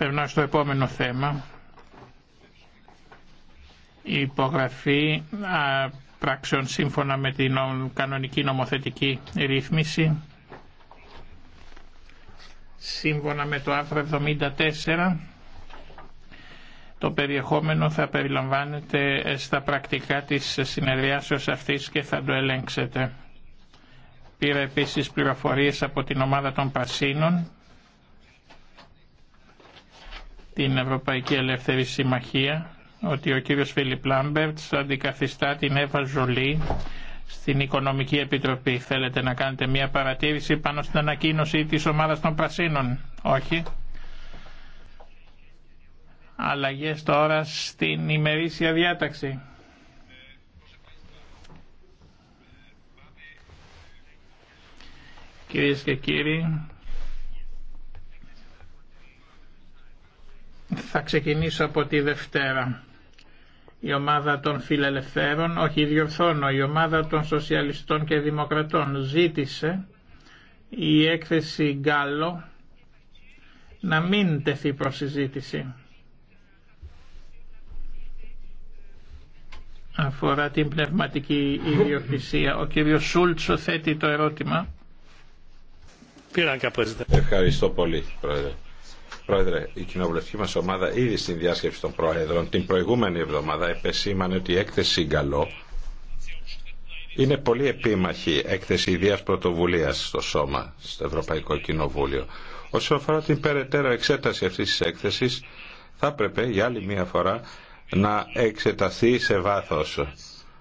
Περνάω στο επόμενο θέμα. Η υπογραφή πράξεων σύμφωνα με την κανονική νομοθετική ρύθμιση σύμφωνα με το άρθρο 74 το περιεχόμενο θα περιλαμβάνεται στα πρακτικά της συνεδριάσεως αυτής και θα το ελέγξετε. Πήρα επίσης πληροφορίες από την ομάδα των Πασίνων την Ευρωπαϊκή Ελεύθερη Συμμαχία ότι ο κύριος Φίλιπ Λάμπερτς αντικαθιστά την Εύα Ζολή στην Οικονομική Επιτροπή. Θέλετε να κάνετε μια παρατήρηση πάνω στην ανακοίνωση της ομάδας των Πρασίνων. Όχι. Αλλαγές τώρα στην ημερήσια διάταξη. Κυρίες και κύριοι, Θα ξεκινήσω από τη Δευτέρα. Η ομάδα των φιλελευθέρων, όχι διορθώνω, η ομάδα των σοσιαλιστών και δημοκρατών ζήτησε η έκθεση Γκάλο να μην τεθεί προς Αφορά την πνευματική ιδιοκτησία. Ο κύριος Σούλτσο θέτει το ερώτημα. Ευχαριστώ πολύ, Πρόεδρε. Πρόεδρε, η κοινοβουλευτική μας ομάδα ήδη στην διάσκεψη των Προέδρων την προηγούμενη εβδομάδα επεσήμανε ότι η έκθεση Γκαλό είναι πολύ επίμαχη έκθεση ιδίας πρωτοβουλίας στο Σώμα, στο Ευρωπαϊκό Κοινοβούλιο. Όσον αφορά την περαιτέρω εξέταση αυτής της έκθεσης, θα έπρεπε για άλλη μία φορά να εξεταθεί σε βάθος